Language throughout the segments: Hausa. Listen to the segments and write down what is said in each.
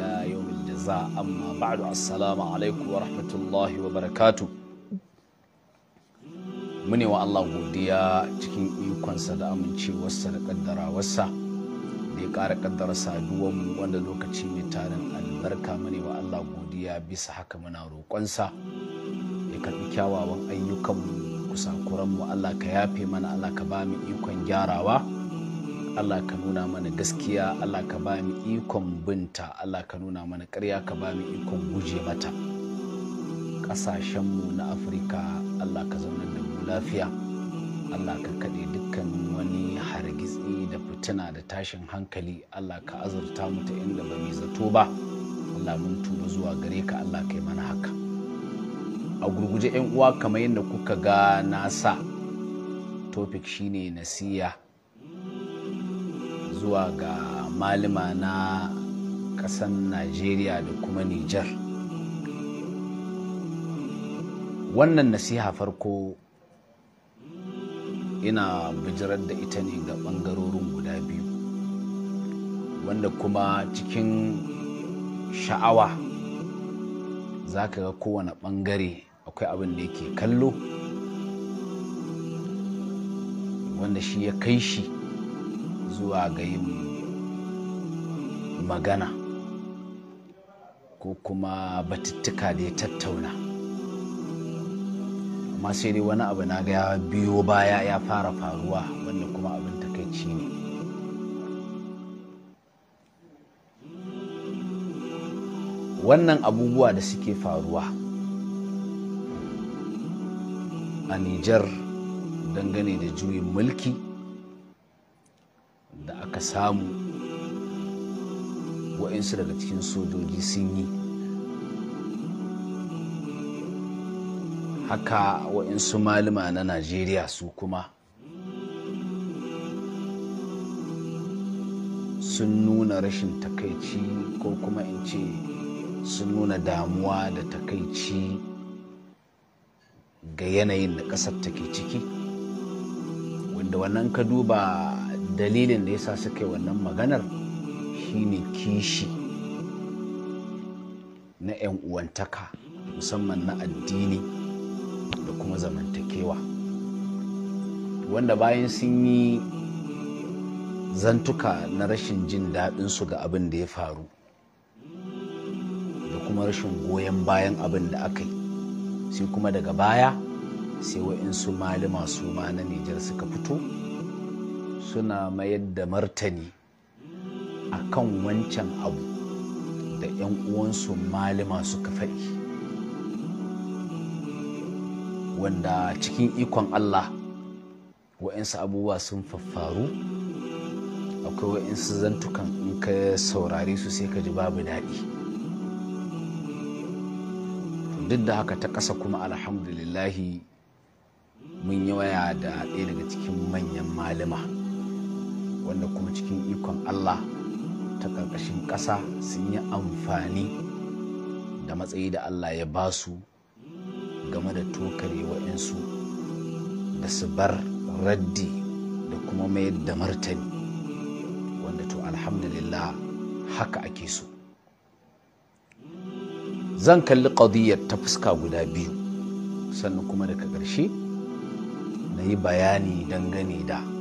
ila yawmin jaza amma ba'du assalamu alaikum wa rahmatullahi wa barakatu mune wa Allah godiya cikin ikonsa da amincewarsa da kaddarawarsa da ya ƙara kaddara saduwar mu wanda lokaci mai tarin albarka mune wa Allah godiya bisa haka muna roƙonsa ya karɓi kyawawan ayyukanmu mu Allah ka yafe mana Allah ka ba mu ikon gyarawa Allah ka nuna mana gaskiya Allah ka ba mu ikon binta Allah ka nuna mana ƙarya ka ba mu ikon guje mata ƙasashenmu na afirka Allah ka zauna da mu lafiya Allah ka kaɗe dukkan wani hargitsi da fitina da tashin hankali Allah ka azurta mu ta inda ba mai zato ba Allah mun tuba zuwa gare ka Allah ka yi mana haka a gurguje 'yan uwa kamar yadda kuka ga nasa. topic shine nasiya zuwa ga malima na kasan najeriya da kuma nijar wannan nasiha farko ina bijirar da ita ne ga ɓangarorin guda biyu wanda kuma cikin sha'awa za ka ga kowane ɓangare akwai abin da yake kallo wanda shi ya kai shi zuwa ga yin magana ko kuma batuttuka da ya tattauna amma sai dai wani abu na ga ya biyo baya ya fara faruwa wanda kuma abin takaici ne wannan abubuwa da suke faruwa a nijar dangane da juyin mulki samu waɗansu daga cikin sojoji sun yi haka waɗansu malama na najeriya su kuma sun nuna rashin takaici ko kuma in ce sun nuna damuwa da takaici ga yanayin da ƙasar take ciki wanda wannan ka duba dalilin da yasa suka yi wannan maganar shine kishi na 'yan uwantaka musamman na addini da kuma zamantakewa wanda bayan sun yi zantuka na rashin jin daɗinsu ga abin da ya faru da kuma rashin goyon bayan abin da aka yi sai kuma daga baya sai wa'insu malima su ma na nijar suka fito suna mayar da martani a kan wancan abu da 'yan uwansu malima suka faɗi wanda cikin ikon allah wa'insu abubuwa sun faffaru akwai wa'insu zantukan in ka saurare su sai ka ji babu daɗi duk da haka ta ƙasa kuma alhamdulillahi mun yi waya da ɗaya daga cikin manyan malama. wanda kuma cikin ikon allah ta ƙarƙashin ƙasa sun yi amfani da matsayi da allah ya ba su game da tokare wa'insu da su bar raddi da kuma mayar da martani wanda to alhamdulillah haka ake so zan kalli ƙadiyyar ta fuska guda biyu sannan kuma daga ƙarshe na yi bayani dangane da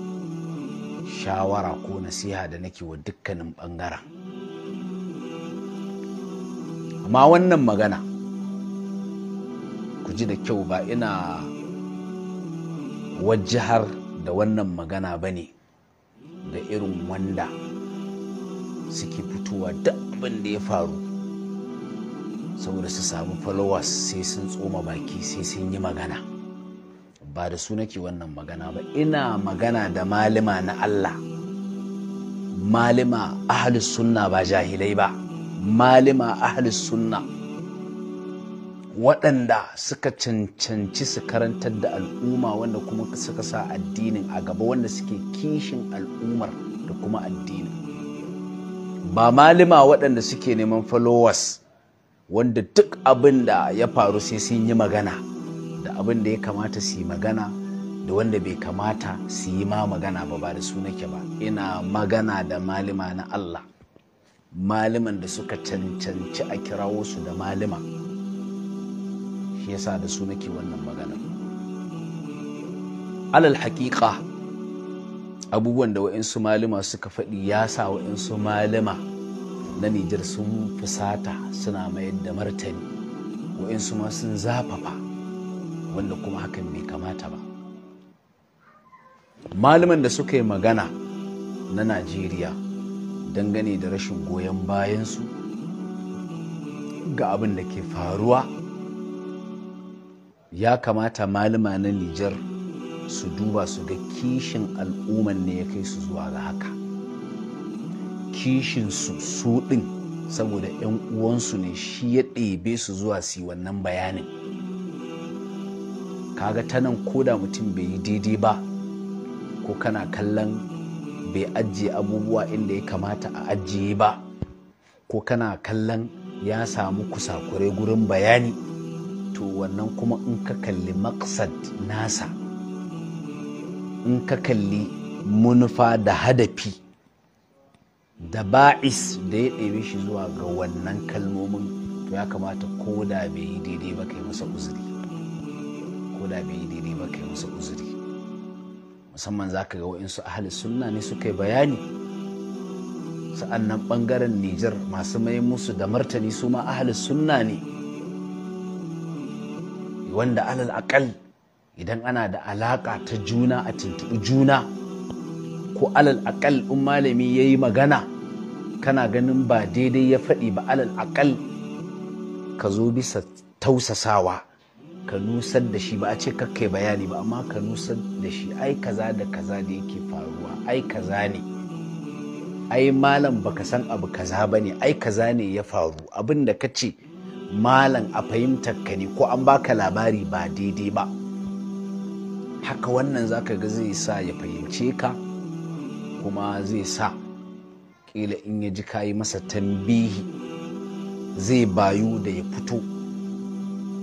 shawara ko nasiha da nake wa dukkanin ɓangaren amma wannan magana ku ji da kyau ba ina wajihar da wannan magana ba ne da irin wanda suke fitowa duk abin da ya faru saboda su samu followers sai sun tsoma baki sai sun yi magana ba da su nake wannan magana ba ina magana da malima na Allah malima ahalus sunna ba jahilai ba malima ahalus sunna waɗanda suka cancanci su karantar da al'umma wanda kuma suka sa addinin a gaba wanda suke kishin al'ummar da kuma addinin ba malima waɗanda suke neman followers wanda duk abin da ya faru sai sun yi magana da abin da ya kamata su yi magana da wanda bai kamata su yi ma magana ba ba da su nake ba ina magana da malima na Allah maliman da suka cancanci a kirawo su da malima shi yasa da su nake wannan magana alal haƙiƙa abubuwan da wa'insu malima suka faɗi ya sa wa'insu malima na Nijar sun fusata suna mayar da martani wa'insu ma sun zafafa Wanda kuma hakan bai kamata ba malaman da suka yi magana na najeriya dangane da rashin goyon bayansu ga abin da ke faruwa ya kamata malama na nijar su duba su ga kishin al'umman ne ya kai su zuwa ga haka kishin su su ɗin saboda 'yan uwansu ne shi ya ɗebe su zuwa si wannan bayanin kaga ta nan koda mutum bai yi daidai ba ko kana kallon bai ajiye abubuwa inda ya kamata a ajiye ba ko kana kallon ya samu kusakure gurin bayani to wannan kuma in ka kalli maksad nasa in ka kalli munufa da hadafi da ba'is da ya ɗebe shi zuwa ga wannan kalmomin to ya kamata ko da bai yi daidai ba kai masa uzuri ko da yi daidai ba kai musu uzuri musamman za ka ga wa'insu ahli sunna ne suka yi bayani sa'annan ɓangaren nijar masu mai musu da martani su ma ahli sunna ne wanda alal akal idan ana da alaƙa ta juna a tuntuɓi juna ko alal akal in malami ya yi magana kana ganin ba daidai ya faɗi ba alal akal ka zo bisa tausasawa ka nusar da shi ba a ce kakkai bayani ba amma ka nusar da shi ai kaza da kaza da yake faruwa ai kaza ne ai malam baka san abu kaza ba ne ai kaza ne ya faru abin da ka ce malam a fahimtar ka ne ko an baka labari ba daidai ba haka wannan zaka ga zai sa ya fahimce ka kuma zai sa kila in ya ji kayi masa tambihi zai bayu da ya fito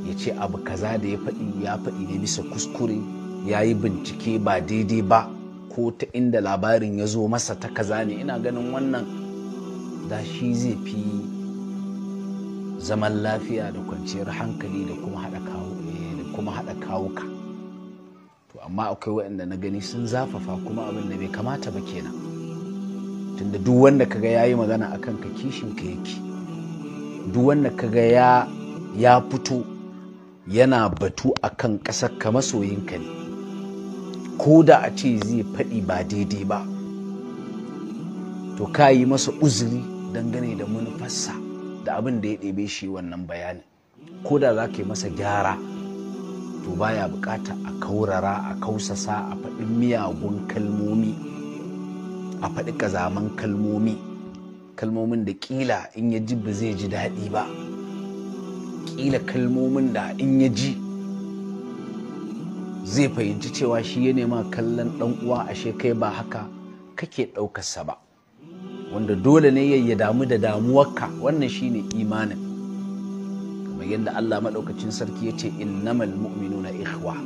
ya ce abu kaza da ya faɗi ya faɗi ne bisa kuskure ya yi bincike ba daidai ba ko ta inda labarin ya zo masa ta kaza ne ina ganin wannan da shi zai fi zaman lafiya da kwanciyar hankali da kuma haɗa kawo eh, da kuma haɗa kawuka to amma akwai waɗanda na gani sun zafafa kuma abin da bai kamata ba kenan tunda duk wanda kaga ya yi magana akan ka kishin ka yake duk wanda kaga ya ya fito yana batu akan kan ƙasar ka masoyinka ne ko da a ce zai faɗi ba daidai ba to ka yi masa uzuri dangane da manufarsa da abin da ya ɗebe shi wannan bayanin ko da za ka yi masa gyara to baya bukata a kaurara a kausasa a faɗi miyagun kalmomi a faɗi kazaman kalmomi kalmomin da ƙila in ya ji ba zai ji daɗi ba. kila kalmomin da in ya ji zai fahimci cewa shi ya nema kallon ɗan uwa ashe kai ba haka kake ɗaukarsa ba wanda dole ne ya damu da damuwarka wannan shine imanin kamar yadda Allah maɗaukacin sarki ya ce innamal mu'minuna ikhwa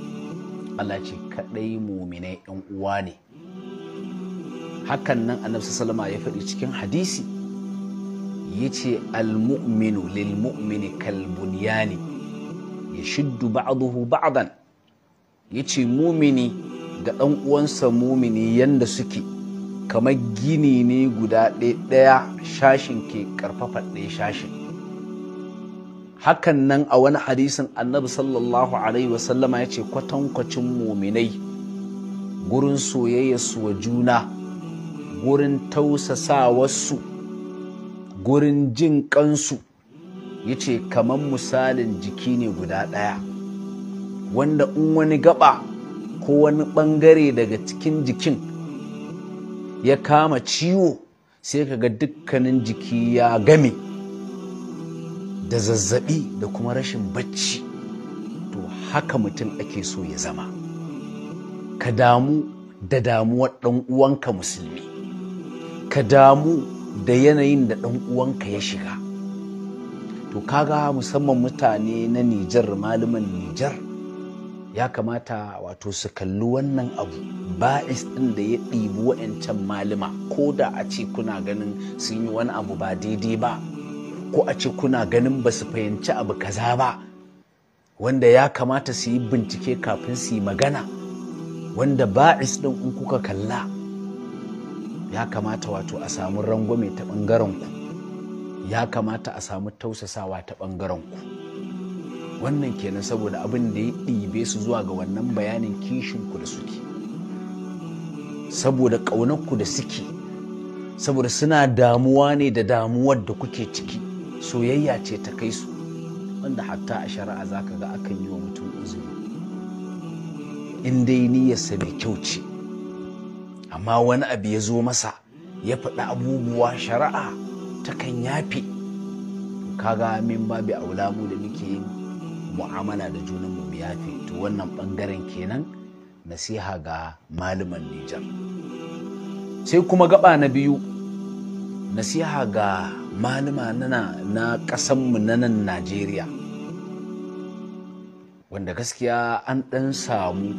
Allah ce kaɗai muminai 'yan uwa ne hakan nan annabi sallama ya faɗi cikin hadisi yace almu'minu lilmu'mini kalbunyani ya shiddu ba'dahu ba'dan yace mumini ga ɗan uwansa mumini yanda suke kamar gini ne guda ɗaya shashin ke ƙarfafa ɗaya shashin hakan nan a wani hadisin annabi sallallahu alaihi wasallama ya ce kwatankwacin muminai gurin soyayya wa juna gurin tausasa wasu gurin jin kansu ya ce kamar misalin jiki ne guda ɗaya wanda in wani gaba ko wani ɓangare daga cikin jikin ya kama ciwo sai ka ga dukkanin jiki ya game da zazzabi da kuma rashin bacci to haka mutum ake so ya zama ka damu da damuwar ɗan uwanka musulmi ka damu da yanayin da ɗan uwanka ya shiga to kaga musamman mutane na nijar malaman nijar ya kamata wato su kalli wannan abu ba'is ɗin da ya ɗibi wa'yancan malama ko da a ce kuna ganin sun yi wani abu ba daidai ba ko a ce kuna ganin ba su fahimci abu kaza ba wanda ya kamata su yi bincike kafin su yi magana wanda ba'is ɗin in kuka kalla ya kamata wato a samu rangwame ta ɓangaren ku ya kamata a samu tausasawa ta ɓangaren ku wannan kenan saboda abin da ya ɗibe su zuwa ga wannan bayanin kishin ku da suke saboda ƙaunarku da suke saboda suna damuwa ne da damuwar da kuke ciki soyayya ce ta kai su wanda hatta a shari'a za ka ga akan yi wa mutum uzuri in dai niyyarsa mai kyau ce amma wani abu ya zo masa ya faɗi abubuwa shari'a ta takan yafe kaga min babu aula mu da muke mu'amala da junan mu yafe to wannan bangaren kenan nasiha ga malaman Nijar sai kuma gaba na biyu nasiha ga malama nana na ƙasanmu na nan Najeriya wanda gaskiya an ɗan samu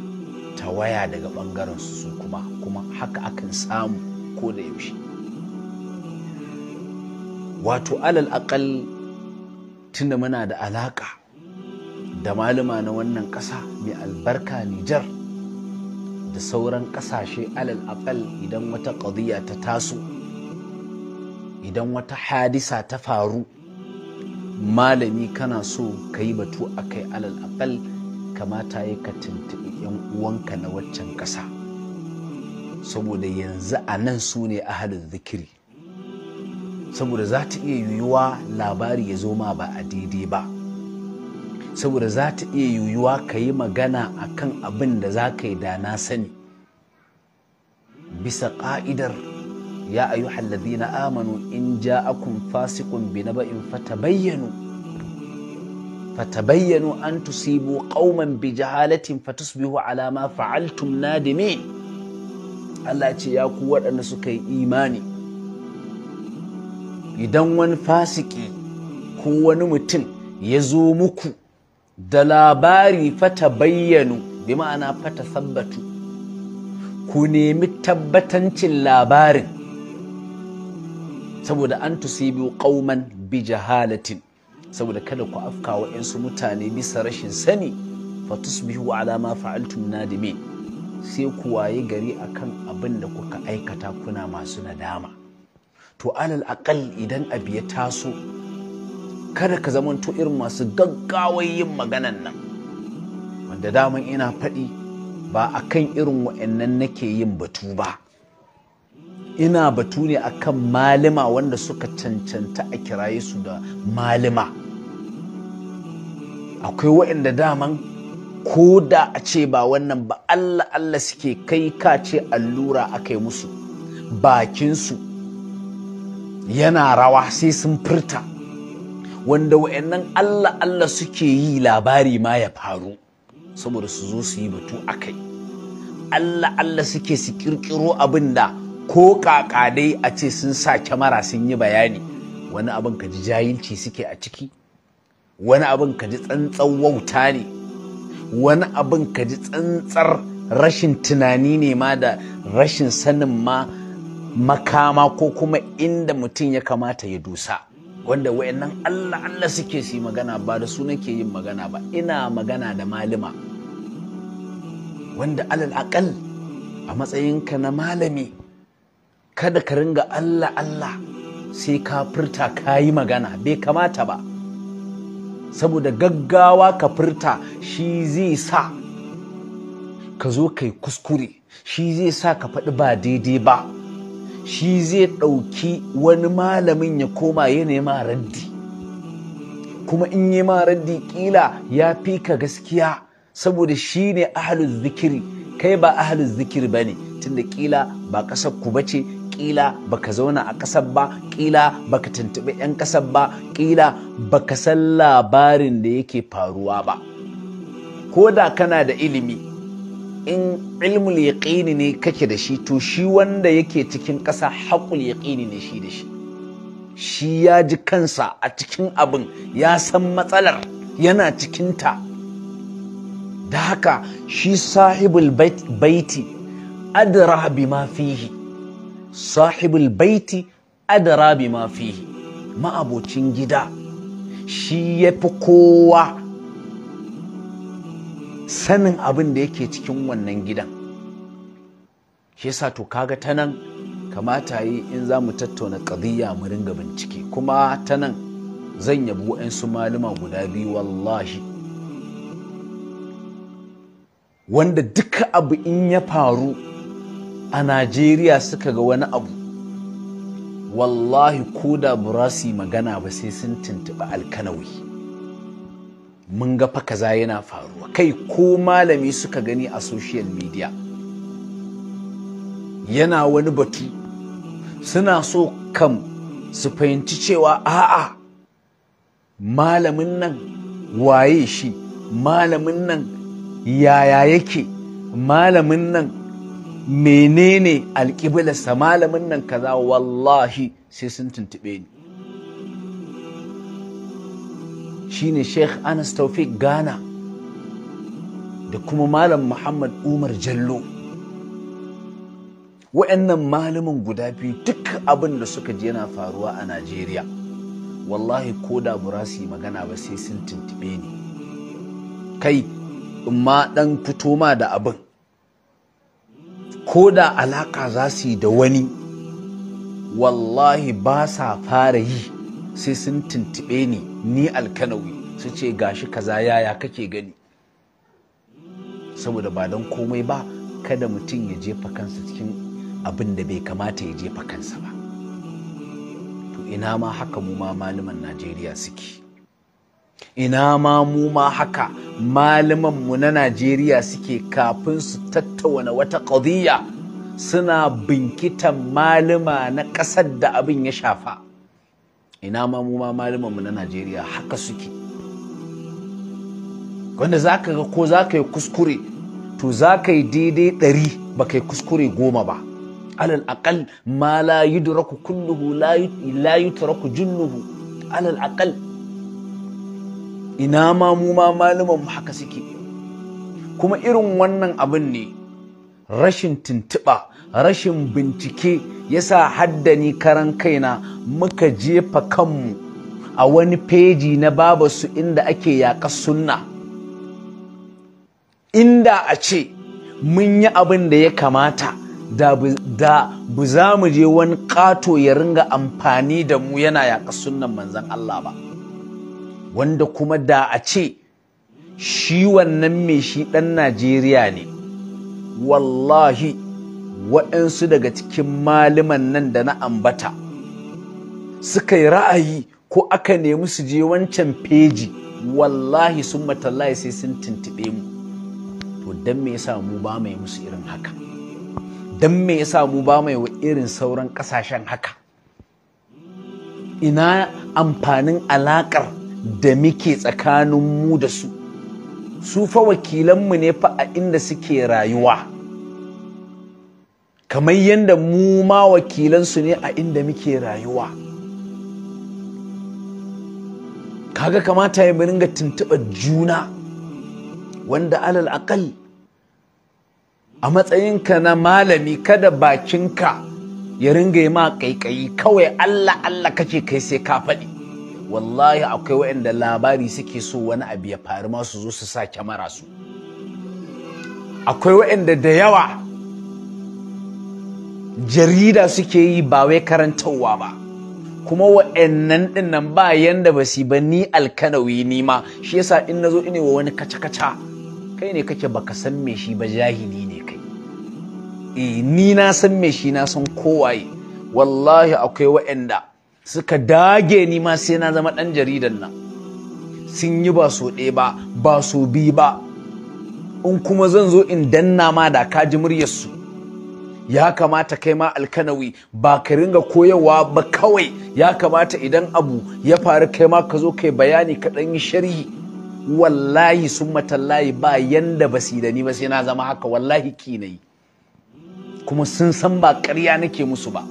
tawaya daga ɓangaren su kuma kuma haka akan samu ko da yaushe wato alal aƙal tunda muna da alaƙa da malama na wannan ƙasa mai albarka nijar da sauran ƙasashe alal aƙal idan wata ƙadiyya ta taso idan wata hadisa ta faru malami kana so ka yi batu a kai alal aƙal kamata ya ka tuntuɓi 'yan uwanka na waccan ƙasa. saboda yanzu a nan su ne ahalin zikiri saboda za ta iya yiwuwa labari ya zo ma ba a daidai ba saboda za ta iya yiwuwa ka yi magana a kan abin da za ka yi da na sani bisa ƙa'idar ya ayu na amanu in ja ja'akum fasikun bi na ba'in fatabayyanu fatabayyanu an tusibu ƙauman bi jahalatin fatusbihu ala ma fa'altum nadimin Allah ce ya ku waɗanda suka yi imani idan wani fasiki ko wani mutum ya zo muku da labari fata bayyanu bi ma'ana fata sabbatu ku nemi tabbatancin labarin saboda an tusibu qauman bi jahalatin saboda kada ku afka wa mutane bisa rashin sani fatusbihu ala ma fa'altum nadimin sai ku waye gari akan abin da kuka aikata kuna masu nadama to alal akal idan abu ya taso kada ka zamanto irin masu gaggawar yin maganan nan wanda daman ina faɗi ba a kan irin wa'annan nake yin batu ba ina batu ne akan malima wanda suka cancanta a kiraye su da malima akwai wa'anda daman ko da a ce ba wannan ba Allah Allah suke kai ka ce allura aka yi musu bakinsu yana rawa sai sun furta wanda wa'annan Allah Allah suke yi labari ma ya faru saboda su zo su yi batu a kai Allah Allah suke su kirkiro abin da ko kakadai a ce sun sa kyamara sun yi bayani wani abin ka ji jahilci suke a ciki wani abin ka ji tsantsan wauta ne wani abin ka ji tsantsar rashin tunani ne ma da rashin sanin ma makama ko kuma inda mutum ya kamata ya dusa wanda wayannan Allah Allah suke su magana ba da su nake yin magana ba ina magana da malima wanda alal akal a matsayinka na malami kada ka ringa Allah Allah sai ka furta ka yi magana bai kamata ba saboda gaggawa ka furta shi zai sa ka zo kai kuskure shi zai sa ka faɗi ba daidai ba shi zai ɗauki wani malamin ya koma ya nema raddi kuma in yi ma raddi ƙila ya fi ka gaskiya saboda shi ne ahalin zikiri kai ba ahalin zikiri ba ne tunda ƙila ba ƙasar ku ba ce. kila baka zauna a ƙasar ba kila baka tuntuɓi 'yan ƙasar ba kila baka san labarin da yake faruwa ba ko da kana da ilimi in ilmul yaƙini ne kake da shi to shi wanda yake cikin ƙasa haƙul yaƙini ne shi da shi shi ya ji kansa a cikin abin ya san matsalar yana cikinta da haka shi sahibul baiti adra bima fihi sahibul baiti adara ma fihi ma'abocin gida shi ya fi kowa sanin abin da yake cikin wannan gidan shi yasa to kaga ta nan kamata yi in za mu tattauna ƙadiyya mu ringa bincike kuma ta nan zan yabi su malama guda biyu wallahi wanda duka abu in ya faru a najeriya suka ga wani abu wallahi ko da burasi magana ba sai sun tuntuɓi alkanawi mun ga kaza yana faruwa kai ko malami suka gani a social media yana wani batu suna so kam su fahimci cewa a'a malamin nan waye shi malamin nan yaya yake malamin nan menene alƙiblarsa malamin nan kaza wallahi sai sun tuntuɓe ni shine sheikh anas taufik ghana da kuma malam muhammad umar jallo wa'annan malamin guda biyu duk abin da suka ji yana faruwa a najeriya wallahi ko da burasi magana ba sai sun tuntuɓe ni kai in ma ɗan fito da abin ko da alaka za su yi da wani wallahi ba sa fara yi sai sun tuntube ni ni alkanawi su ce gashi kaza yaya kake gani saboda ba don komai ba kada mutum ya jefa kansa cikin abin da bai kamata ya jefa kansa ba to ina ma haka mu ma malaman najeriya suke ina ma mu ma haka mu na najeriya suke kafin su tattauna wata ƙadiyya suna binkitan malama na ƙasar da abin ya shafa ina ma mu ma mu na najeriya haka suke wanda za ka ga ko za ka yi kuskure to za ka yi daidai ɗari ba ka yi kuskure goma ba alal aƙal ma la duraku kulluhu la turaku junnuhu alal aƙal ina ma mu ma mu haka suke kuma irin wannan abin ne rashin tuntuɓa rashin bincike yasa haddani karan kaina muka jefa kanmu a wani feji na babasu inda ake yaƙa sunna inda a ce mun yi abin da ya kamata da bu za mu je wani ƙato ya ringa amfani da mu yana yaƙa sunnan manzan Allah ba. wanda kuma da a ce shi wannan mai shi ɗan najeriya ne wallahi waɗansu daga cikin maliman nan da na ambata suka yi ra'ayi ko aka nemi su je wancan feji wallahi sun matallahi sai sun tuntube mu to don me yasa mu ba mai musu irin haka don me yasa mu ba mai wa irin sauran ƙasashen haka ina amfanin alaƙar da muke tsakanin mu da su su fa wakilanmu ne fa a inda suke rayuwa kamar yanda mu ma wakilansu ne a inda muke rayuwa kaga kamata ya ringa tuntuɓar juna wanda alal aƙal a matsayinka na malami kada bakinka ya ringa yi ma ƙaiƙayi kawai allah allah kace kai sai ka faɗi wallahi akwai waɗanda labari suke so wani abu ya faru ma su zo su sa kyamara su akwai waɗanda da yawa jarida suke yi ba wai karantarwa ba kuma wa'annan ɗinnan ba yanda ba su ba ni alkanawi ni ma shi yasa in nazo ine wa wani kaca-kaca kai ne kake baka san me shi ba jahili ne kai eh ni na san me shi na san kowaye wallahi akwai wa'anda suka dage ni ma sai na zama ɗan jaridan nan sun yi ba so ɗaya ba ba so biyu ba in kuma zan zo in danna ma da ji muryarsu ya kamata kai ma alkanawi ba ka ringa koyarwa ba kawai ya kamata idan abu ya faru kai ma ka zo kai bayani ka ɗan yi sharhi wallahi sun matallahi ba yanda ba da ni ba sai na zama haka wallahi kinai kuma sun san ba ƙarya nake musu ba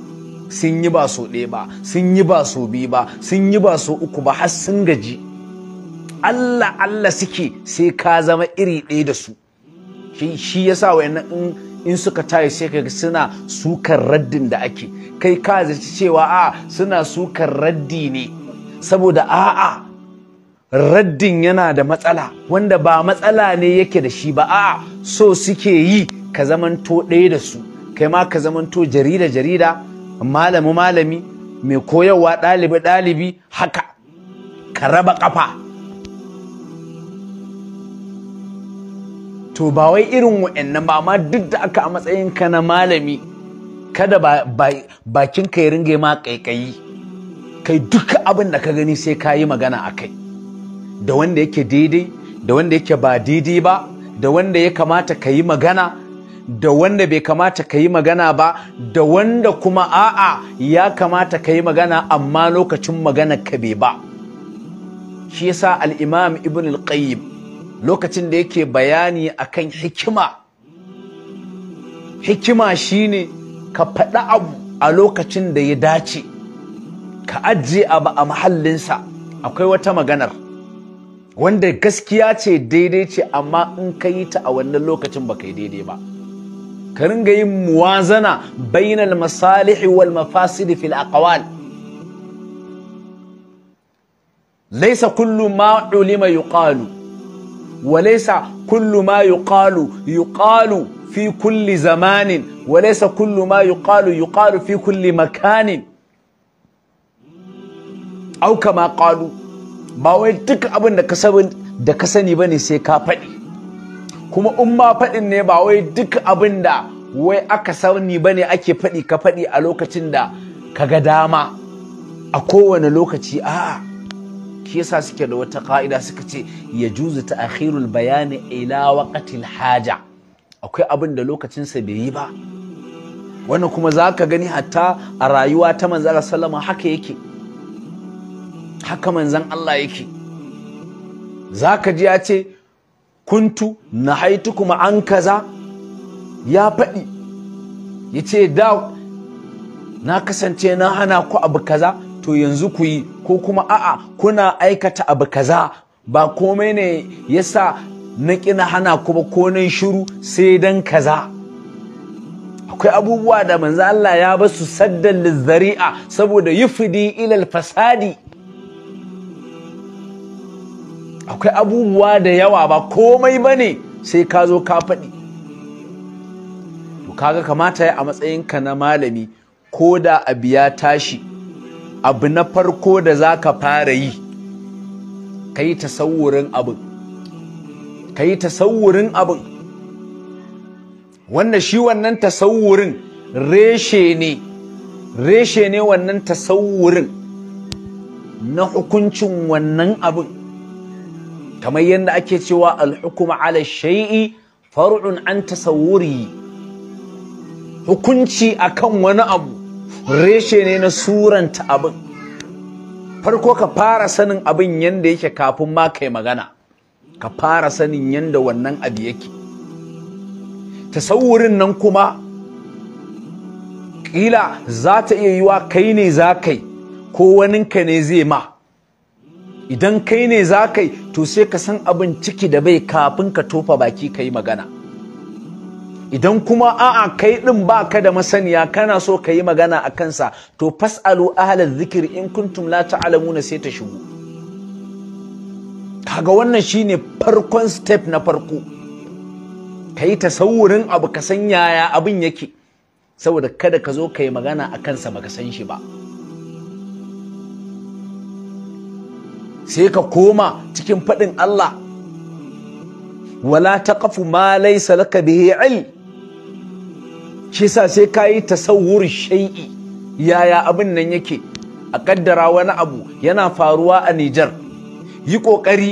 sun yi ba so ɗaya ba sun yi ba so biyu ba sun yi ba so uku ba har sun gaji Allah Allah suke sai ka zama iri ɗaya da su shi ya sa wayannan in in suka tayi sai ka suna sukar raddin da ake kai ka zaci cewa a suna sukar raddi ne saboda a'a raddin yana da matsala wanda ba matsala ne yake da shi ba a'a so suke yi ka zamanto ɗaya da su kai ma ka zamanto jarida jarida Malamu malami mai koyarwa ɗalibi ɗalibi haka ka raba ƙafa to ba wai irin wa'annan ba amma duk da aka a matsayin ka na malami kada bakin ka ya ringa ma kaikayi kai duk abin da ka gani sai ka yi magana a kai da wanda yake daidai da wanda yake ba daidai ba da wanda ya kamata ka yi magana da wanda bai kamata ka yi magana ba da wanda kuma a'a ya kamata ka yi magana amma lokacin magana ka bai ba shi yasa al-imam ibn al-qayyim lokacin da yake bayani akan hikima hikima shine ka faɗi abu a lokacin da ya dace ka ajiye abu a mahallinsa akwai wata maganar wanda gaskiya ce daidai ce amma in ka yi ta a wannan lokacin ba ka yi daidai ba ka ringa yin muwazana bainal masalihi wal mafasid fil aqwal laysa kullu ma ulima yuqalu wa laysa kullu ma yuqalu yuqalu fi kulli zamanin wa laysa kullu ma yuqalu yuqalu fi kulli makanin au kama qalu ba wai duk abin da ka sani bane sai ka faɗi kuma in ma faɗin ne ba wai duk abin da wai aka sani ba ne ake faɗi ka faɗi a lokacin da ka ga dama a kowane lokaci a shi yasa suke da wata ka'ida suka ce ya juzu ta akhirul bayani ila waqatil haja akwai abin da lokacinsa bai yi ba wannan kuma za ka gani hatta a rayuwa ta manzan sallama haka yake haka manzan Allah yake za ka ji ya ce kuntu na haitu kuma an kaza ya faɗi ya ce da na kasance na hana ku abu kaza to yanzu ku yi ko kuma a'a kuna aikata abu kaza ba komai ne ya sa na ƙina hana ku ba ko nan shiru sai dan kaza akwai abubuwa da manzo Allah ya basu saddan zari'a saboda yufidi ilal fasadi akwai abubuwa da yawa ba komai ba ne sai ka zo ka faɗi to kaga kamata ya a matsayinka na malami ko da abu ya tashi abu na farko da za ka fara yi ka yi tasawurin abin ka yi tasawurin abin Wannan shi wannan tasawurin reshe ne reshe ne wannan tasawurin na hukuncin wannan abin kamar yadda ake cewa alhukuma ala shai'i far'un an tasawuri hukunci akan wani abu reshe ne na suranta abin farko ka fara sanin abin yadda yake kafin ma kai magana ka fara sanin yadda wannan abu yake tasawurin nan kuma ƙila za ta iya yiwa kai ne za kai ko waninka ne zai ma idan kai ne za ka yi to sai ka san abin ciki da bai kafin ka tofa baki ka yi magana idan kuma a'a kai ɗin ba ka da masaniya kana so ka yi magana a kansa to fas'alu ahlal zikir in kuntum la ta'lamuna sai ta shigo kaga wannan shine farkon step na farko ka yi tasawurin abu ka san yaya abin yake saboda kada ka zo ka yi magana a kansa baka san shi ba. sai ka koma cikin faɗin Allah wala kafu ma laysa laka bihi ilm shi sa sai kayi tasawwur shay'i yaya abin nan yake a kaddara wani abu yana faruwa a Nijar yi kokari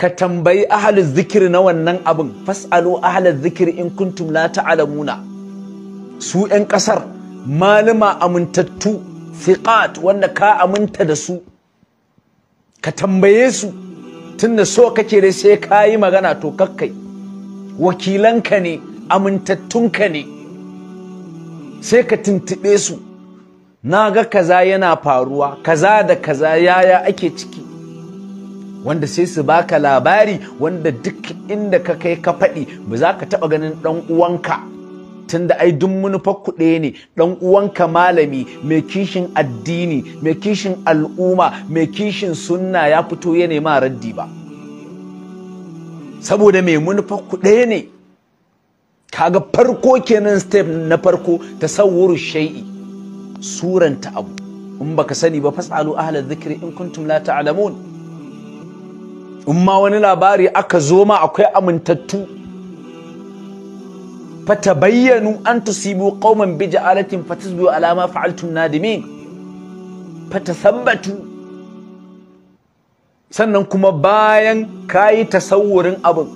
ka tambayi ahalin zikir na wannan abin fas'alu ahalin zikir in kuntum la ta'lamuna su 'yan kasar malama amintattu fiqat wanda ka aminta da su ka tambaye su tun da so kake da sai ka yi magana to kakkai wakilanka ne amintattunka ne sai ka tuntube su na ga kaza yana faruwa kaza da kaza yaya ake ciki wanda sai su baka labari wanda duk inda ka kai ka faɗi ba za ka taɓa ganin ɗan uwanka tunda ai duk manufar kuɗe ne ɗan uwanka malami mai kishin addini mai kishin al'umma mai kishin sunna ya fito ya nema raddi ba saboda mai manufar kuɗe ne kaga farko kenan step na farko ta tasawwuru shai'i, suranta abu in baka sani ba fasalu ahla zikri in kuntum la ta'lamun in ma wani labari aka zo ma akwai amintattu fatabayyanu an tusibu qauman bi ja'alatin fatasbu ala ma fa'altum nadimin fatathabbatu sannan kuma bayan kayi tasawurin abin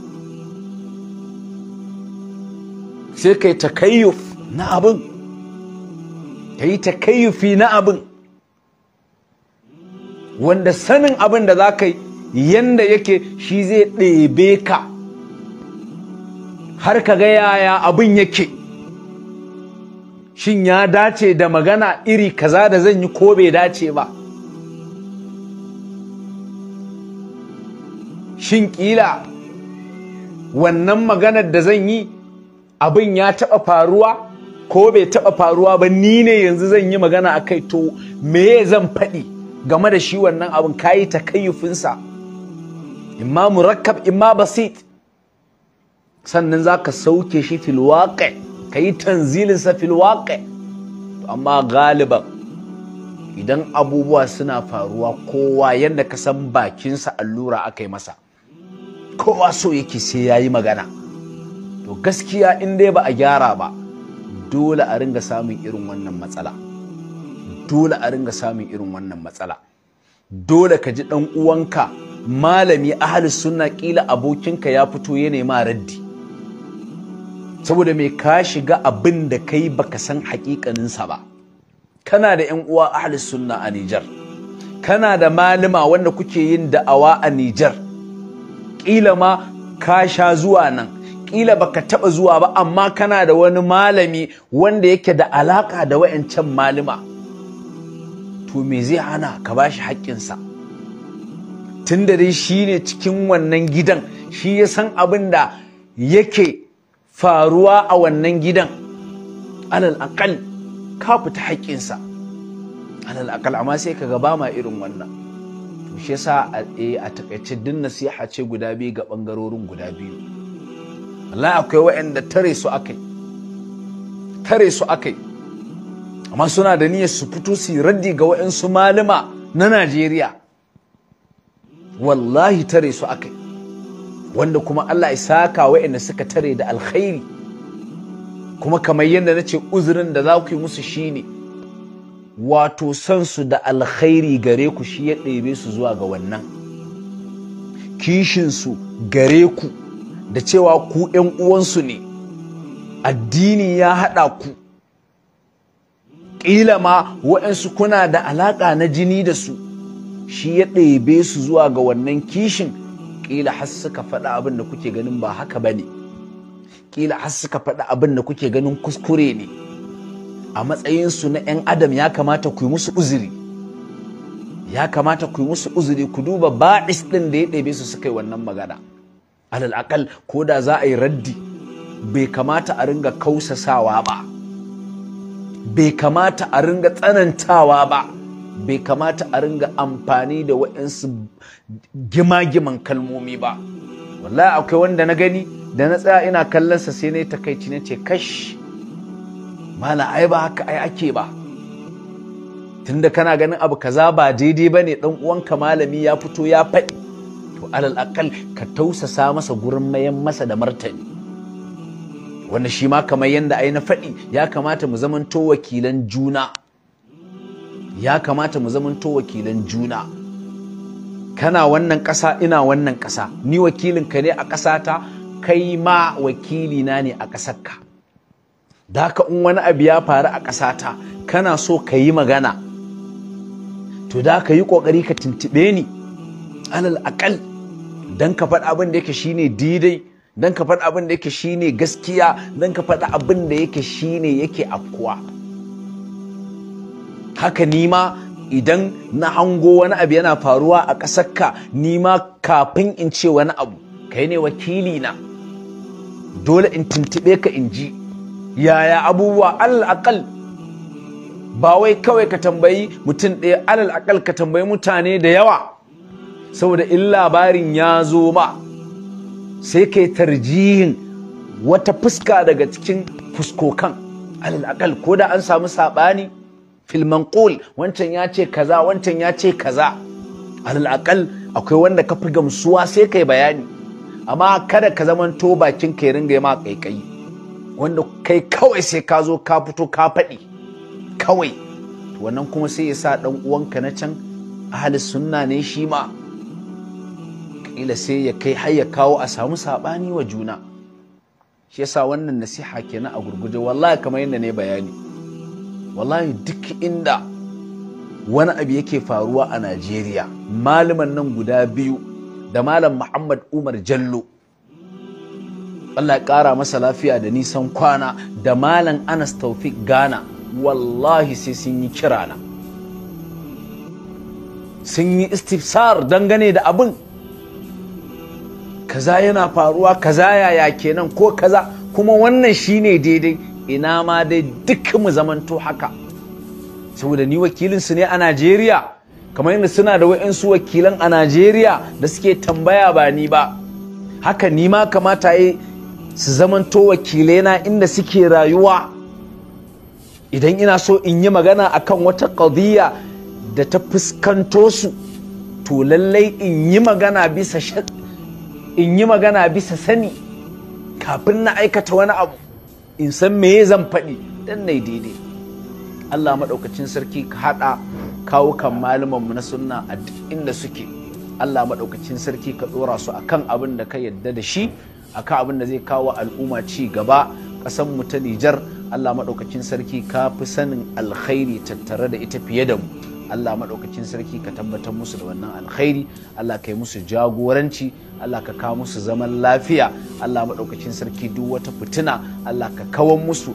sai ka takayyuf na abin takayyufi na abin wanda sanin abin da zaka yi yanda yake shi zai ɗebe ka har ka ga yaya abin yake shin ya dace da magana iri kaza da zan yi ko bai dace ba shin ƙila wannan maganar da zan yi abin ya taɓa faruwa ko bai taɓa faruwa ba ni ne yanzu zan yi magana a kai to me zan faɗi game da shi wannan abin kayi ta kayyufinsa imma murakkab imma basit sannan za ka sauke shi filwaƙe ka yi tanzilinsa filwaƙe amma galiban idan abubuwa suna faruwa kowa yadda ka san bakinsa allura aka yi masa kowa so yake sai ya yi magana to gaskiya in dai ba a gyara ba dole a ringa samun irin wannan matsala dole a ringa samun irin wannan matsala dole ka ji ɗan uwanka malami ahalus sunna kila abokinka ya fito ya nema raddi saboda mai ka shiga abin da kai baka san hakikaninsa ba kana da yan uwa ahli sunna a Nijar kana da malama wanda kuke yin da'awa a Nijar kila ma ka sha zuwa nan kila baka taba zuwa ba amma kana da wani malami wanda yake da alaka da wayancan malama to me zai hana ka ba shi haƙƙinsa tun da dai shine cikin wannan gidan shi ya san abin da yake faruwa a wannan gidan alal akal ka fita haƙƙinsa alal akal amma sai ka gaba ma irin wannan to shi yasa a eh, takaice din nasiha ce guda biyu ga bangarorin guda biyu Allah akwai waɗanda tare su akai tare su akai amma suna da niyyar su fito su raddi ga waɗansu malama na Najeriya wallahi tare su akai wanda kuma Allah ya saka wa'anda suka tare da alkhairi kuma kamar yadda na ce uzurin da za ku yi musu shi ne. wato san su da alkhairi gare ku shi ya ɗebe su zuwa ga wannan kishinsu gare ku da cewa ku ‘yan uwansu ne addini ya haɗa ku ƙila ma waɗansu kuna da alaƙa na jini da su shi ya ɗebe su zuwa ga wannan kishin ƙila har suka faɗa abin da kuke ganin ba haka ba ne ƙila har suka faɗa abin da kuke ganin kuskure ne a matsayinsu na 'yan adam ya kamata ku yi musu uzuri ya kamata ku yi musu uzuri ku duba baɗis ɗin da ya ɗebe su suka yi wannan magana alal akal ko da za a yi raddi bai kamata a ringa kausasawa ba bai kamata a ringa tsanantawa ba bai kamata a ringa amfani da waɗansu gima-giman kalmomi ba wallahi akwai wanda na gani da na tsaya ina kallonsa sai na yi takaici na ce kash mala ai ba haka ai ake ba tunda kana ganin abu kaza ba daidai ba ne ɗan uwanka malami ya fito ya faɗi to alal akal ka tausasa masa gurin mayan masa da martani wanda shi ma kamar yadda ai na faɗi ya kamata mu zamanto wakilan juna ya kamata mu zamanto wakilan juna kana wannan ƙasa ina wannan ƙasa ni wakilinka ne a ƙasata kai ma wakilina ne a ƙasarka da in wani abu ya faru a ƙasata kana so ka yi magana to da ka yi ƙoƙari ka tuntuɓe ni alal aƙal don ka faɗi abin da yake shine didai, don ka faɗi abin da yake shine gaskiya don ka faɗi abin da yake shine yake afkuwa. haka nima idan na hango wani abu yana faruwa a ƙasarka nima kafin in ce wani abu kai ne wakili na dole in tuntube ka in ji yaya abubuwa alal ba wai kawai ka tambayi mutum ɗaya alal akal ka tambayi mutane da yawa saboda in labarin ya zo ma sai ka yi tarjihin wata fuska daga cikin fuskokan alal akal ko da an samu saɓani filman ƙul wancan ya ce kaza wancan ya ce kaza alal'akal akwai wanda ka fi gamsuwa sai kai bayani amma kada ka zamanto bakin ka ringa ma kaikai wanda kai kawai sai ka zo ka fito ka faɗi kawai wannan kuma sai ya sa ɗan uwanka na can ahli sunna ne shi ma kila sai ya kai har ya kawo a samu saɓani wa juna shi yasa wannan nasiha kenan a gurguje wallahi kamar yadda ne bayani wallahi duk inda wani abu yake faruwa a najeriya malaman nan guda biyu da malam muhammad umar jallo Allah ƙara masa lafiya da nisan kwana da malam anas taufik ghana wallahi sai sun yi kirana sun yi istifsar dangane da abin kaza yana faruwa kaza yaya kenan ko kaza kuma wannan shine daidai ina ma dai duk mu zamanto haka saboda ni wakilinsu ne a najeriya kamar yadda suna da wa'insu wakilan a najeriya da suke tambaya ba ni ba haka ni ma kamata yi su zamanto wakilena inda suke rayuwa idan ina so in yi magana akan wata ƙadiyya da ta fuskanto su to lallai in yi magana bisa in yi magana bisa sani kafin na aikata wani abu in san me zan faɗi dan ne daidai Allah maɗaukacin sarki ka haɗa kawo kawukan malumanmu na sunna a duk inda suke Allah maɗaukacin sarki ka ɗora su akan abin da ka yadda da shi akan abin da zai kawo al'umma ci gaba ƙasan mu ta Nijar Allah maɗaukacin sarki ka fi sanin alkhairi tattare da ita fiye da mu Allah maɗaukacin sarki ka tabbatar musu da wannan alkhairi Allah ka yi musu jagoranci Allah ka kawo musu zaman lafiya Allah maɗaukacin sarki duk wata fitina Allah ka kawo musu